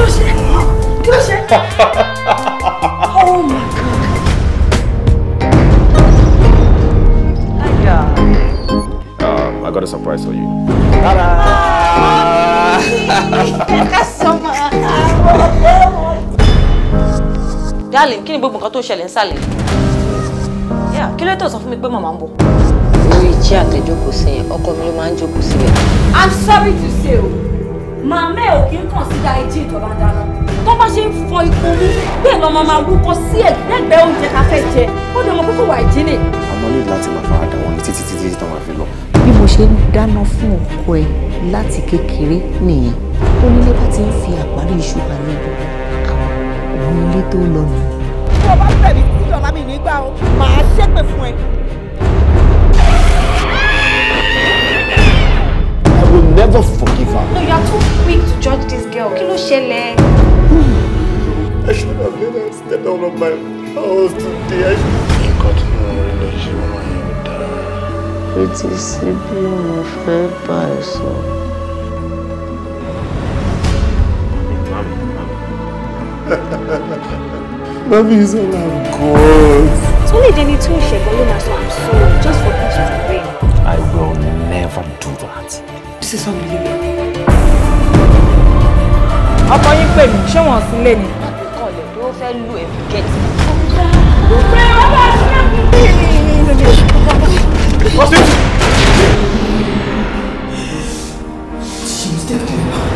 ló ṣe oh my god. Hiya. Um, I got a surprise for you. Ta-da! Darling, kí ni gbogbo nǹkan tó ṣẹlẹ̀ nsàlẹ̀? Yeah, can you tell us mi pé màmá ń bọ̀? Orí iṣẹ́ àtẹ̀jókòó sí yẹn, ọkọ mi ló máa ń I'm sorry to say o màmá ẹ̀ kí ń kàn sí da ẹjí ìjọba dáná tó bá ṣe ń fọ ipò mú bẹ́ẹ̀ lọ́mọ máa wúkọ sí ẹ̀ lẹ́gbẹ̀ẹ́ oúnjẹ ká fẹ́ jẹ ó dẹ̀ mọ kókó wà ìjínlẹ̀. àmọ́ ní láti máa fara dà ní títí títí táwọn àfi lọ. bí mo ṣe ń dáná fún ọkọ ẹ láti kékeré nìyẹn ó nílé bá ti ń fi àparí iṣu parí gbogbo àwọn ilé tó lọ nù. tí o bá fẹ̀ mí mi nígbà o màá ṣépè fún ẹ. I will never forgive her. No, you are quick to judge this girl. Kí ló I should have let her step out of my house today. I should. Nǹkan tí mo rí lọ ṣe wọ́n yẹn ò dára. Ó ti sí bí mo is all I'm God. It's only Jenny tó ṣẹ̀gbọ́n ló máa sọ I'm sorry just for pictures of rain. I will never do that. This is unbelievable ọkọ yín pè mí ṣé wọn sì lè ní. àbíkọ̀lẹ̀ tó fẹ́ lu ẹ̀mí gẹ̀ẹ́tì. pé wọ́n bá ṣe